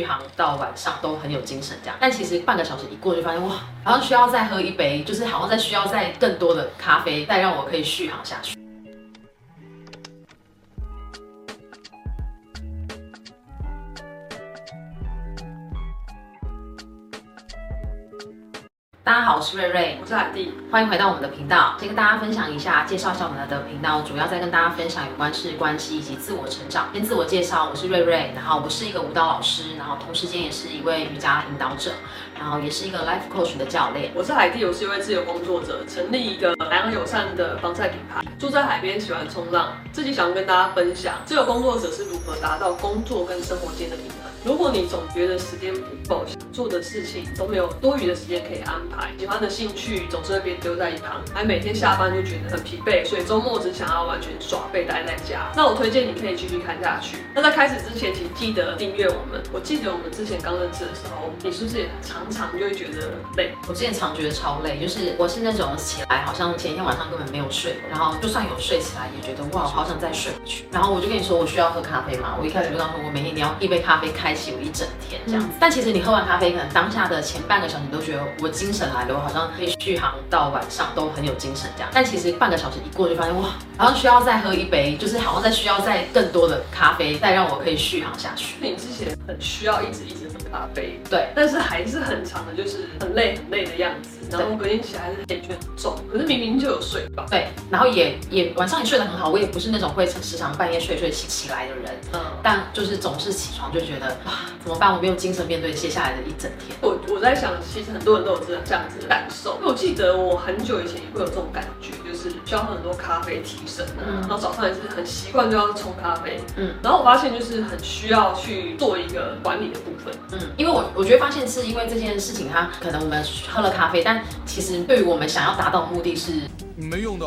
續航到晚上都很有精神，這樣。但其實半個小時一過就發現，哇，好像需要再喝一杯，就是好像再需要再更多的咖啡，再讓我可以續航下去。大家好，我是睿睿，我是海地，歡迎回到我們的頻道。先跟大家分享一下，介紹一下我們的頻道，主要在跟大家分享有關事業關係以及自我成長。先自我介紹，我是睿睿，然後我是一個舞蹈老師，然後同時間也是一位瑜伽的引導者，然後也是一個 life coach 的教練。我是海地，我是一位自由工作者，成立一個海洋友善的防曬品牌，住在海邊，喜歡衝浪，自己想要跟大家分享自由工作者是如何達到工作跟生活間的平衡。如果你總覺得時間不夠。做的事情都沒有多餘的時間可以安排，喜歡的興趣總是會被丟在一旁，還每天下班就覺得很疲憊，所以周末只想要完全耍廢，待在家。那我推薦你可以繼續看下去。那在開始之前，請記得訂閱我們。我記得我們之前剛認識的時候，你是不是也常常就會覺得累？我現在常覺得超累，就是我現在那種起來好像前一天晚上根本沒有睡，然後就算有睡，起來也覺得哇，我好想再睡回去。然後我就跟你說我需要喝咖啡嘛，我一開始就告訴我每天一定要一杯咖啡開啟我一整天這樣子、嗯。但其實你喝完咖啡，可能當下的前半個小時，你都覺得我精神來了，我好像可以續航到晚上，都很有精神這樣。但其實半個小時一過，就發現哇，好像需要再喝一杯，就是好像再需要再更多的咖啡，再讓我可以續航下去。你之前很需要一直一直喝咖啡，對，但是還是很長的，就是很累很累的樣子。我隔天起來還是黑眼圈很重，對可是明明就有睡飽。對，然後也也晚上也睡得很好，我也不是那種會時常半夜睡睡起起來的人。嗯，但就是總是起床就覺得啊，怎麼辦？我沒有精神面對接下來的一整天。我我在想，其實很多人都有這樣子的感受。因為我記得我很久以前也會有這種感覺。是需要喝很多咖啡提神，嗯、然後早上也是很習慣就要沖咖啡。嗯，然後我發現就是很需要去做一個管理的部分。嗯，因為我我覺得發現是因為這件事情，它可能我們喝了咖啡，但其實對於我們想要達到的目的，是沒用的。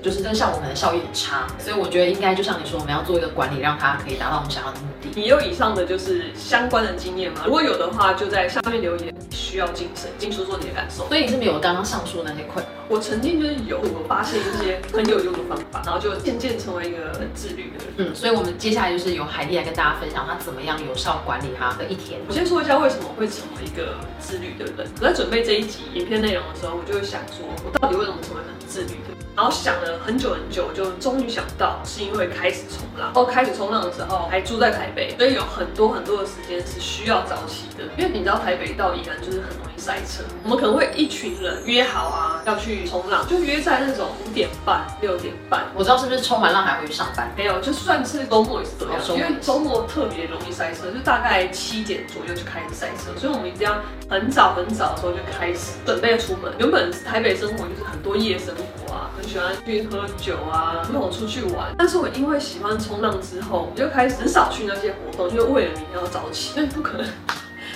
就是這項目可能效益很差，所以我覺得應該就像你說，我們要做一個管理，讓它可以達到我們想要的目的。你有以上的就是相關的經驗嗎？如果有的話，就在下面留言。需要精神，先說說你的感受。所以你是沒有剛剛上述的那些困難？我曾經就是有，我發現一些很有用的方法，然後就漸漸成為一個很自律的人。嗯，所以我們接下來就是由海地來跟大家分享她怎麼樣有效管理她的一天。我先說一下為什麼會成為一個自律的人。我在準備這一集影片內容的時候，我就會想說，我到底為什麼成為一個自律的人？然後想了很久很久，就終於想到是因為開始衝浪。然後開始衝浪的時候還住在台北，所以有很多很多的時間是需要早起的。因為你知道台北到宜蘭就是很容易塞車，嗯、我們可能會一群人約好啊要去衝浪，就約在那種五點半、六點半。我知道是不是衝完浪還會去上班，嗯？沒有，就算是周末也是都要衝。啊、中因為周末特別容易塞車，就大概七點左右就開始塞車，所以我們一定要很早很早的時候就開始、嗯、準備出門。原本台北生活就是很多夜生活。喜歡去喝酒啊，然後出去玩。但是我因為喜歡衝浪之後，我就開始很少去那些活動，因為為了你要早起，因、嗯、為不可能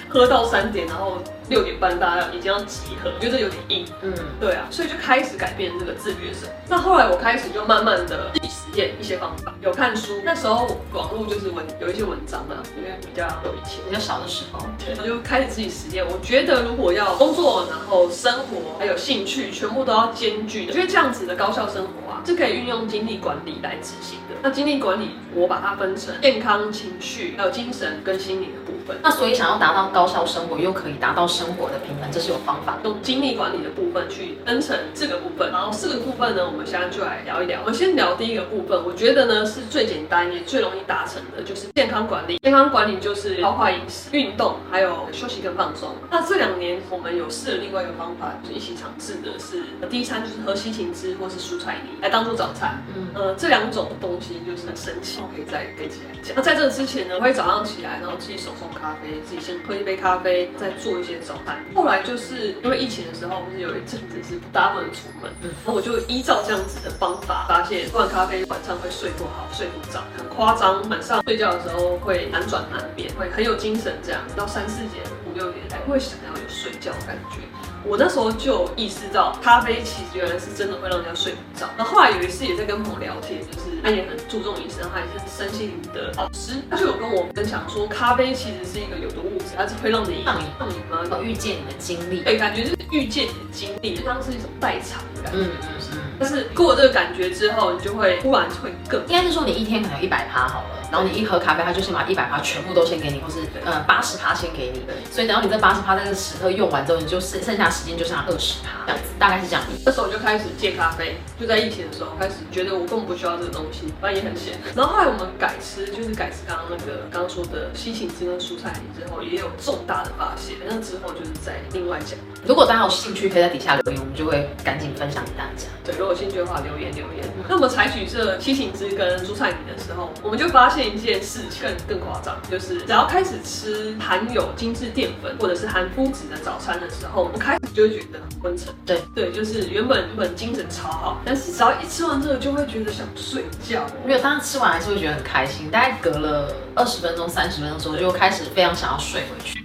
喝到三點，然後六點半大家已經要集合，我覺得有點硬。嗯，對啊，所以就開始改變這個自律神。那後來我開始就慢慢的。演一些方法有看書，那時候廣路就是文有一些文章嘛，因為比較以前，比較小的時候我就開始自己實踐。我覺得如果要工作，然後生活還有興趣，全部都要兼具的。我覺得這樣子的高效生活啊，是可以運用精力管理來執行的。那精力管理，我把它分成健康、情緒，還有精神跟心靈。那所以想要達到高效生活又可以達到生活的平衡，這是有方法，用精力管理的部分去分成四個部分，好然後四個部分呢，我們現在就來聊一聊。我們先聊第一個部分，我覺得呢是最簡單也最容易達成的，就是健康管理。健康管理就是優化飲食、運動，還有休息跟放鬆。那這兩年我們有試了另外一個方法，就一起嘗試的是、呃、第一餐就是喝西芹汁或是蔬菜泥來當做早餐。嗯，呃、這兩種東西就是很神奇，嗯、可以再跟一起來講。那在這之前呢，我會早上起來然後自己手沖，咖啡，自己先喝一杯咖啡，再做一些早飯。後來就是因為疫情的時候，不是有一陣子是不搭門出門，然後我就依照這樣子的方法，發現喝完咖啡晚上會睡不好，睡不着，很誇張。晚上睡覺的時候會輾轉難眠，會很有精神，這樣到三四點、五六點才會想要有睡覺的感覺。我那時候就有意識到，咖啡其實原來是真的會讓人家睡不着。然後後來有一次也在跟朋友聊天，就是他也很注重飲食，然後他也是身心靈的老師，他就有跟我分享說，咖啡其實。是一個有毒物質，它只會讓你放一對讓你能遇見你的經歷，對，感覺就是遇見你的經歷，就當是一種代償的感覺。嗯、就是、但是，但是過了這個感覺之後，你就會突然就會更，應該是說你一天可能有一百趴好了。然後你一喝咖啡，他就先把一百趴全部都先給你，或是對呃八十趴先給你。所以等到你這八十趴這個時刻用完之後，你就剩剩下時間就剩下二十趴，這樣子，大概是這樣。這時候我就開始戒咖啡，就在疫情的時候開始覺得我根本不需要這個東西，反正也很閒。嗯、然後後來我們改吃，就是改吃剛剛那個剛剛說的西芹汁跟蔬菜泥之後，也有重大的發現。那之後就是在另外講。如果大家有興趣，可以在底下留言，我們就會趕緊分享給大家。對，如果有興趣的話留言留言。留言嗯、那我們採取這西芹汁跟蔬菜泥的時候，我們就發現。一件事情更更誇張，就是只要開始吃含有精致澱粉或者是含麩質的早餐的時候，我開始就會覺得很昏沉。對對，就是原本原本精神超好，但是只要一吃完之後，就會覺得想睡覺哦。沒有，當時吃完還是會覺得很開心，大概隔了二十分鐘、三十分鐘之後，就開始非常想要睡回去。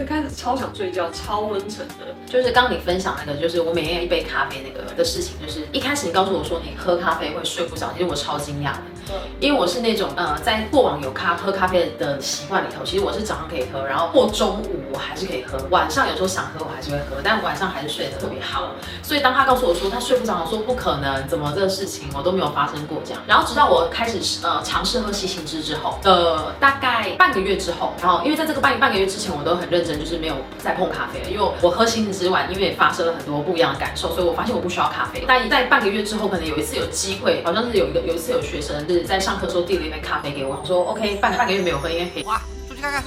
最開始超想睡覺，超昏沉的，就是剛剛你分享那個，就是我每天一杯咖啡那個的事情，就是一開始你告訴我說你喝咖啡會睡不着，其實我超驚訝。因為我是那種呃，在過往有咖喝咖啡的習慣裡頭，其實我是早上可以喝，然後過中午我還是可以喝，晚上有時候想喝我還是會喝，但晚上還是睡得特別好。所以當他告訴我說他睡不着，說不可能，怎麼這個事情我都沒有發生過這樣。然後直到我開始呃嘗試喝西芹汁之後的，呃，大概半個月之後，然後因為在這個半半個月之前我都很認真，就是沒有再碰咖啡了，因為我喝西芹汁完因為也發生了很多不一樣的感受，所以我發現我不需要咖啡。但在半個月之後，可能有一次有機會，好像是有一個有一次有學生日。在上課時候遞了一杯咖啡給我，我說：“OK，半個半個月沒有喝，應該可以……哇，出去看看。”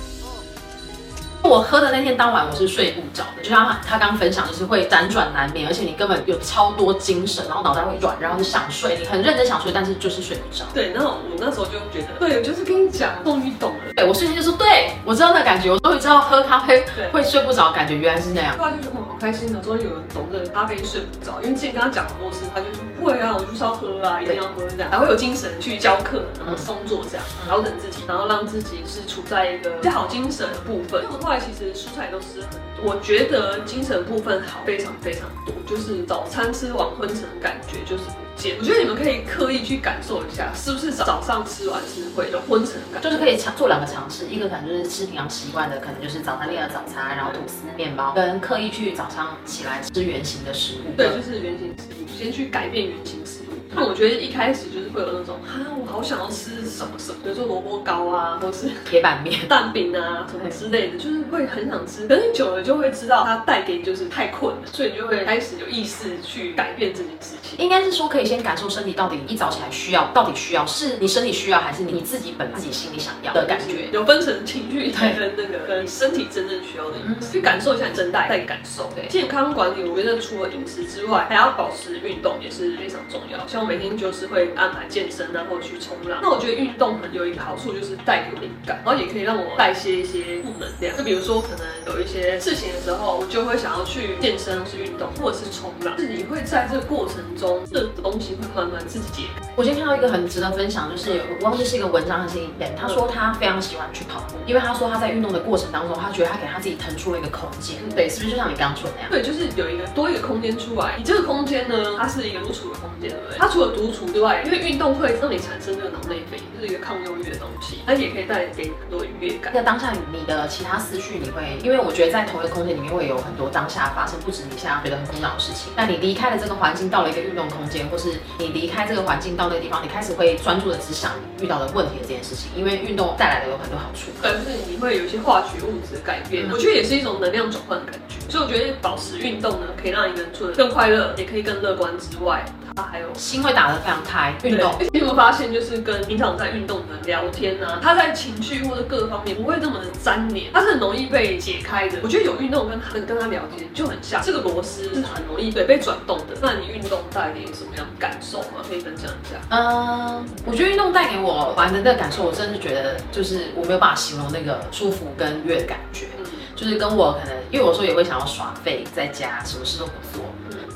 我喝的那天當晚，我是睡不着的，就像他剛剛分享，就是會輾轉難眠，而且你根本有超多精神，然後腦袋會軟，然後是想睡，你很認真想睡，但是就是睡不着。對，然後我那時候就覺得，對，就是跟你講，終於懂了。對，我瞬間就說，對，我知道那感覺，我終於知道喝咖啡會睡不着，感覺原來是那樣對，就是。對啊，就覺得好開心的，終於有人懂這咖啡睡不着，因為之前跟他講很多次，他就是不會啊，我就要喝啊，一定要喝這樣，還對會有精神去教課，然後工作這樣調整、嗯、自己，然後讓自己是處在一個比較好精神的部分。其實蔬菜都是，我覺得精神部分好非常非常多，就是早餐吃完昏沉的感覺就是不見。我覺得你們可以刻意去感受一下，是不是早上吃完是會有昏沉感，就是可以嘗做兩個嘗試，一個可能就是吃平常習慣的，可能就是早餐店的早餐，然後吐司麵包，跟刻意去早上起來吃原型的食物。對，就是原型食物，先去改變原型食物。那我覺得一開始就是。會有那種哈，我好想要吃什麼什麼，比如說蘿蔔糕啊，或是鐵板麵、蛋餅啊，什麼之類的，對 就是會很想吃。等你久了就會知道它帶給你就是太困了，所以你就會開始有意識去改變這件事情。應該是說可以先感受身體到底一早起來需要，到底需要是你身體需要還是你自己本自己心裡想要的感覺？對 有分成情緒，帶跟那個跟身體真正需要的意思去感受一下，真帶在感受。對，對 健康管理，我覺得除了飲食之外，還要保持運動也是非常重要。像我每天就是會安排。健身，然後去衝浪。那我覺得運動很有一個好處，就是帶靈感，然後也可以讓我代謝一些負能量。就比如說可能有一些事情的時候，我就會想要去健身，或是運動，或者是衝浪。自己會在這個過程中，這個東西會慢慢自己解。我今天看到一個很值得分享，就是我忘記是一個文章還是影片，他說他非常喜歡去跑步，因為他說他在運動的過程當中，他覺得他給他自己騰出了一個空間。嗯、對，是不是就像你剛剛說的那樣？對，就是有一個多一個空間出來。你這個空間呢，它是一個獨處的空間，對不對？它除了獨處之外，因為運運動會讓你產生這個腦內啡，就是一個抗憂鬱的東西，而且也可以帶給你很多愉悅感。那當下你的其他思緒，你會因為我覺得在同一個空間裡面會有很多當下發生，不止你現在覺得很苦惱的事情。那你離開了這個環境，到了一個運動空間，或是你離開這個環境到那個地方，你開始會專注的是想你遇到的問題的這件事情，因為運動帶來的有很多好處。可能是你會有一些化學物質改變，嗯、我覺得也是一種能量轉換的感覺。所以我覺得保持運動呢，可以讓一個人做的更快樂，也可以更樂觀之外。啊，還有心會打得非常開，運動。你有沒有發現，就是跟平常在運動的聊天呢、啊，他在情緒或者各個方面不會那麼的粘黏，他是很容易被解開的。我覺得有運動跟跟跟他聊天就很像，這個螺絲是很容易是對被轉動的。那你運動帶給你什麼樣的感受嗎？可以分享一下？嗯，我覺得運動帶給我玩的那個感受，我真的覺得，就是我沒有辦法形容那個舒服跟愉悅的感覺，嗯、就是跟我可能因為有時候也會想要耍廢，在家什麼事都不做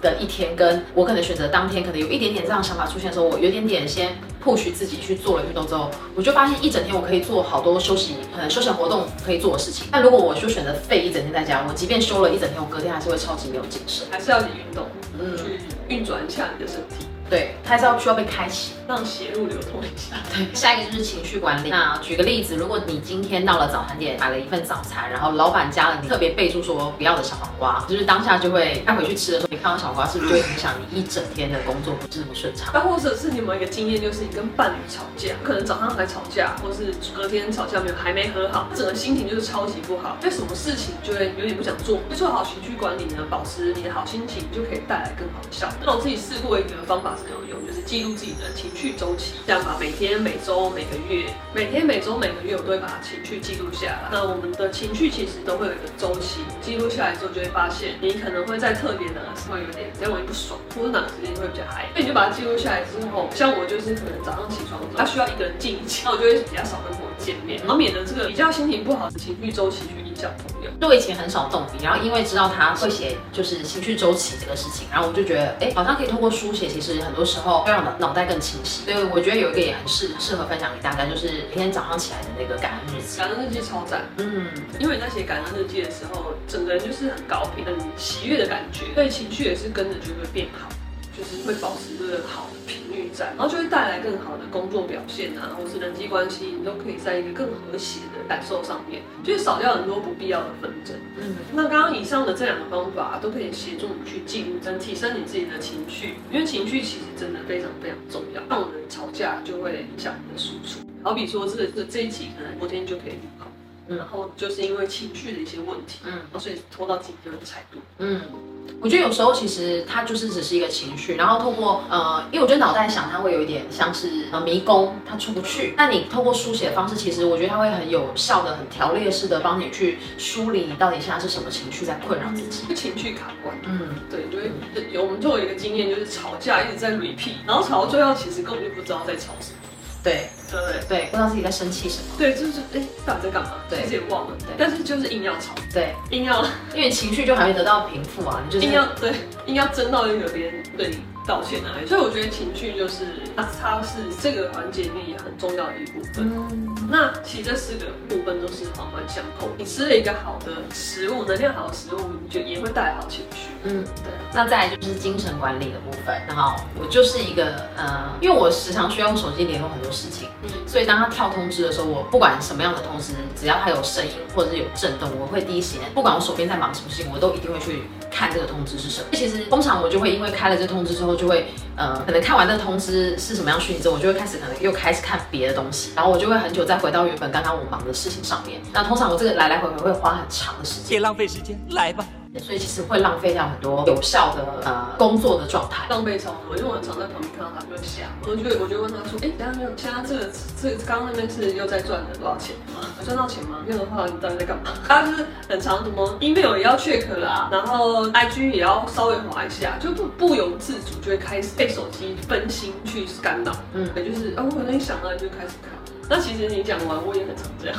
的一天，跟我可能選擇當天可能有一點點這樣想法出現的時候，我有一點點先 push 自己去做了運動之後，我就發現一整天我可以做好多休息、嗯，休閒活動可以做的事情。但如果我就選擇廢一整天在家，我即便休了一整天，我隔天還是會超級沒有精神，還是要你運動，嗯，去運轉一下你的身體。對，拍照需要被開啟，讓血路流通一下。 對，下一個就是情緒管理。那舉個例子，如果你今天到了早餐店買了一份早餐，然後老闆加了你特別備注說不要的小黃瓜，就是當下就會，帶回去吃的時候，你看到小瓜是不是就會影響你一整天的工作不是那麼順暢？那 或者是你們一個經驗，就是你跟伴侶吵架，可能早上還吵架，或是隔天吵架沒有還沒和好，整個心情就是超級不好，對什麼事情就會有點不想做。做好情緒管理呢，保持你的好心情，就可以帶來更好的效果。那我自己試過一個方法。很有用，就是記錄自己的情緒週期，這樣吧，每天、每周、每個月，每天、每周、每個月，我都會把情緒記錄下來。那我們的情緒其實都會有一個週期，記錄下來之後就會發現，你可能會在特別難的時候有點有點不爽，或者哪個時間會比較嗨。那所以你就把它記錄下來之後，像我就是可能早上起床的時候，它需要一個人靜一靜，那我就會比較少跟我見面，然後免得這個比較心情不好的情緒週期去。小朋友，就我以前很少動筆，然後因為知道他會寫，就是情緒周期這個事情，然後我就覺得，哎、欸，好像可以通過書寫，其實很多時候會讓腦袋更清晰。所以我覺得有一個也很適適合分享給大家，就是每天早上起來的那個感恩日記。感恩日記超讚，嗯，因為你在寫感恩日記的時候，整個人就是很高頻、很喜悅的感覺，所以情緒也是跟着就會變好。就是會保持一個好的頻率在，然後就會帶來更好的工作表現啊，或者是人際關係，你都可以在一個更和諧的感受上面，就是少掉很多不必要的紛爭。嗯，那剛剛以上的這兩個方法都可以協助你去記錄、跟提升你自己的情緒，因為情緒其實真的非常非常重要。讓我們吵架就會影響你的輸出，好比說這個這一集可能昨天就可以好，然後就是因為情緒的一些問題，嗯，然後所以拖到今天才度，嗯。嗯我覺得有時候其實它就是只是一個情緒，然後透過呃，因為我覺得腦袋想它會有一點像是呃迷宮，它出不去。那你透過書寫的方式，其實我覺得它會很有效的、很條列式的幫你去梳理你到底現在是什麼情緒在困擾自己。嗯，情緒卡關。嗯，對對，有我們都有一個經驗就是吵架一直在 repeat，然後吵到最後其實根本就不知道在吵什麼。對。對對，對，不知道自己在生氣什麼。對，就是哎，到底在幹嘛？對，自己也忘了。對，但是就是硬要吵。對，硬要，因為你情緒就還沒得到平復啊，你就硬要，對，硬要爭到一個別人對你道歉啊。所以我覺得情緒就是它，是這個環節裡面也很重要的一部分。嗯那其實這四個部分都是環環相扣。你吃了一個好的食物，能量好的食物，你就也會帶來好情緒。嗯，對。那再來就是精神管理的部分。然後我就是一個呃，因為我時常需要用手機聯絡很多事情，嗯、所以當它跳通知的時候，我不管什麼樣的通知，只要它有聲音或者是有震動，我會第一時間，不管我手邊在忙什麼事情，我都一定會去。看這個通知是什麼？其實通常我就會因為開了這通知之後，就會呃，可能看完這通知是什麼樣訊息之後，我就會開始可能又開始看別的東西，然後我就會很久再回到原本剛剛我忙的事情上面。那通常我這個來來回回會花很長的時間，別浪費時間。來吧。所以其實會浪費掉很多有效的呃工作的狀態，浪費超多，因為我，我很常在旁邊看到他，就會想，我就我就問他說，哎、欸，等下沒有等下這個這剛、個、剛那邊是又在賺了多少錢嗎？賺到錢嗎？沒有的話，你到底在幹嘛？他是很常什麼 email 也要 check 啦，然後 IG 也要稍微滑一下，就不不由自主就會開始被手機分心去干擾，嗯，也就是啊，我可能一想到你就開始看，那其實你講完我也很常這樣，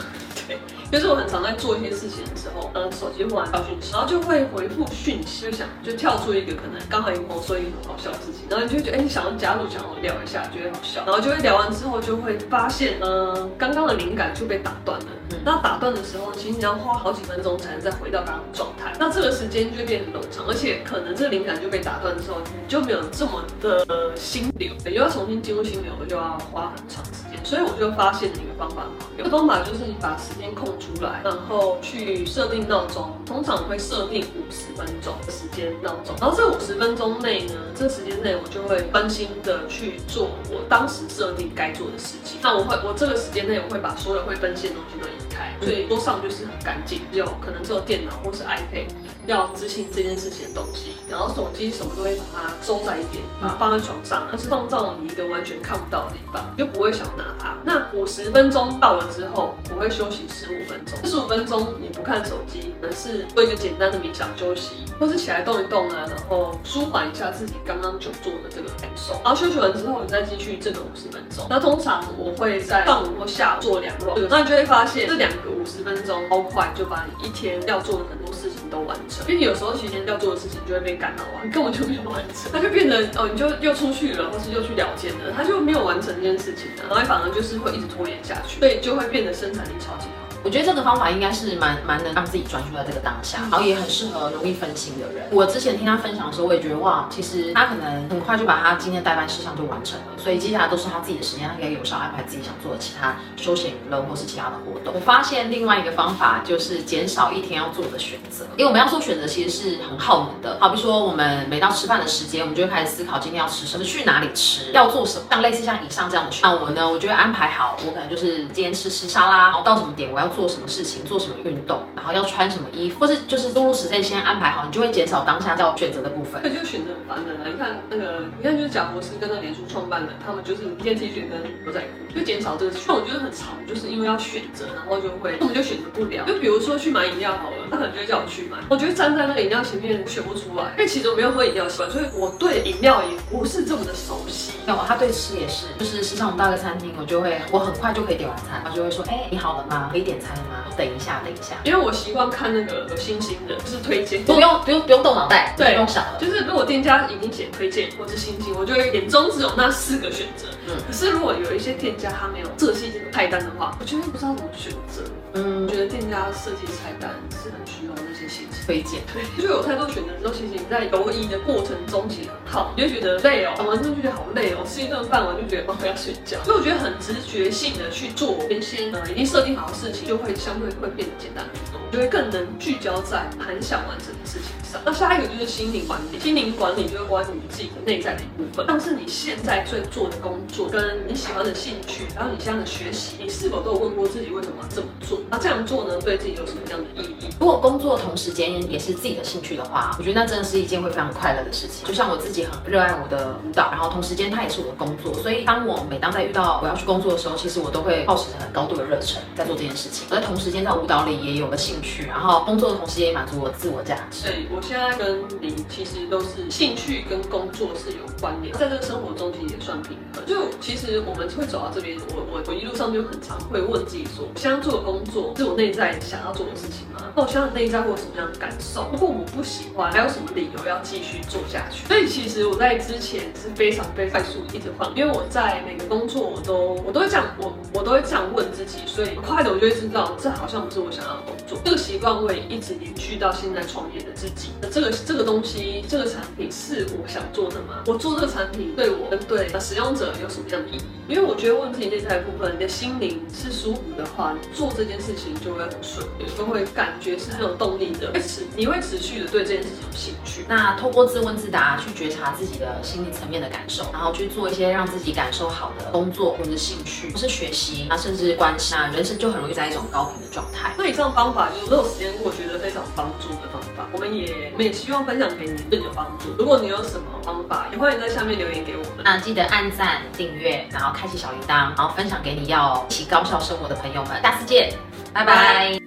對。就是我很常在做一些事情的時候，嗯，手機忽然來消息，然後就會回復訊息，就想就跳出一個可能剛好有朋友說一個很好笑的事情，然後你就覺得，哎、欸，想要加入，想要聊一下，覺得好笑，然後就會聊完之後就會發現，嗯、呃，剛剛的靈感就被打斷了。嗯、那打斷的時候，其實你要花好幾分鐘才能再回到剛剛的狀態，那這個時間就變得很長，而且可能這靈感就被打斷的時候，你就沒有這麼的、呃、心流，你、欸、要重新進入心流，就要花很長時間。所以我就發現了一個方法嘛，一個方法就是你把時間控出來，然後去設定鬧鐘，通常會設定五十分鐘的時間鬧鐘。然後這五十分鐘內呢，這時間內我就會分心的去做我當時設定該做的事情。那我會，我這個時間內我會把所有會分心的東西都移開，所以桌上就是很乾淨，只有可能只有電腦或是 iPad 要執行這件事情的東西，然後手機什麼都會把它收在一邊，把它放在床上，它是放到你一個完全看不到的地方，就不會想拿它。那五十分鐘到了之後。我會休息十五分鐘，十五分鐘你不看手機，而是做一個簡單的冥想休息，或是起來動一動啊，然後舒緩一下自己剛剛久坐的這個感受。然後休息完之後，你再繼續這個五十分鐘。那通常我會在上午或下午做兩輪，那你就會發現這兩個五十分鐘好快就把你一天要做的很多。都完成，因為你有時候期間要做的事情就會被趕到啊，你根本就沒有完成，他就變得哦，你就又出去了，或是又去了解了，他就沒有完成這件事情了，然後反而就是會一直拖延下去，所以就會變得生產力超級好。我覺得這個方法應該是蠻蠻能讓自己專注在這個當下，然後也很適合容易分心的人。我之前聽他分享的時候，我也覺得哇，其實他可能很快就把他今天待辦事項就完成了，所以接下來都是他自己的時間，他可以有效安排自己想做的其他休閒娛樂或是其他的活動。我發現另外一個方法就是減少一天要做的選擇，因為我們要做選擇其實是很耗能的。好，比如說我們每到吃飯的時間，我們就會開始思考今天要吃什麼、去哪裡吃、要做什麼，像類似像以上這樣的。那我呢，我就會安排好，我可能就是今天吃吃沙拉，然後到什麼點我要做，做什麼事情，做什麼運動，然後要穿什麼衣服，或是就是工作時間先安排好，你就會減少當下要選擇的部分。嗯煩的你看那個，你看就是賈伯斯跟那個臉書創辦的，他們就是一件 T 恤跟牛仔褲，就減少這個事情。雖然我覺得很吵，就是因為要選擇，然後就會，他們就選擇不了。就比如說去買飲料好了，他可能就會叫我去買。我覺得站在那個飲料前面我選不出來，因為其實我沒有喝飲料習慣，所以我對飲料也不是這麼的熟悉。那他對吃也是，就是時尚很大的餐廳，我就會，我很快就可以點完餐，他就會說，哎、欸，你好了嗎？可以點餐了嗎？等一下，等一下，因為我習慣看那個有星星的，就是推薦，不用，不用，不用動腦袋，對，不用想就是如果店家。他已經寫推薦或者心情，我就會眼中只有那四個選擇。嗯，可是如果有一些店家他沒有設計這些菜單的話，我覺得不知道怎麼選擇。嗯，我覺得店家設計菜單是很需要那些心情推薦 薦，對，就有太多選擇之後，心情在猶豫的過程中，其實好，你就覺得累哦，講完全就覺得好累哦、喔，吃一頓飯完就覺得哦要睡覺。所以我覺得很直覺性的去做，原先呃已經設定好的事情，就會相對會變得簡單很多，就會更能聚焦在很想完成的事情上。那下一個就是心靈管理，心靈管理。就會關注你自己的內在的一部分，像是你現在最做的工作跟你喜歡的興趣，然後你現在的學習，你是否都有問過自己為什麼要這麼做？那、啊、這樣做呢，對自己有什麼樣的意義？如果工作同時間也是自己的興趣的話，我覺得那真的是一件會非常快樂的事情。就像我自己很熱愛我的舞蹈，然後同時間它也是我的工作，所以當我每當在遇到我要去工作的時候，其實我都會保持很高度的熱忱在做這件事情。而同時間在舞蹈裡也有了興趣，然後工作的同時也滿足我自我價值。對，我現在跟你其實都是興趣。去跟工作是有關聯，在這個生活中其實也算平衡。就其實我們會走到這邊，我我我一路上就很常會問自己說，我現在做的工作是我內在想要做的事情嗎？那我現在內在會有什麼樣的感受？如果我不喜歡，還有什麼理由要繼續做下去？所以其實我在之前是非常非快速一直換，因為我在每個工作我都我都會這樣，我我都會這樣問自己，所以很快的我就會知道這好像不是我想要的工作。這個習慣會一直延續到現在創業的自己。那這個這個東西，這個產品是。是我想做的嗎？我做這個產品對我跟對對使用者有什麼樣的意義？因為我覺得問自己內在的部分，你的心靈是舒服的話，你做這件事情就會很順利，就會感覺是很有動力的，會持，你會持續的對這件事情有興趣。那通過自問自答去覺察自己的心理層面的感受，然後去做一些讓自己感受好的工作或者興趣，或是學習，啊甚至關心、啊，人生就很容易在一種高頻的狀態。那以上方法就是我有實驗過覺得非常幫助的方法，我們也我們也希望分享給你更有幫助。如果你有什麼方法，也歡迎在下面留言給我們。那記得按讚、訂閱，然後開啟小鈴鐺，然後分享給你要一起高效生活的朋友們。下次見，拜拜。拜拜。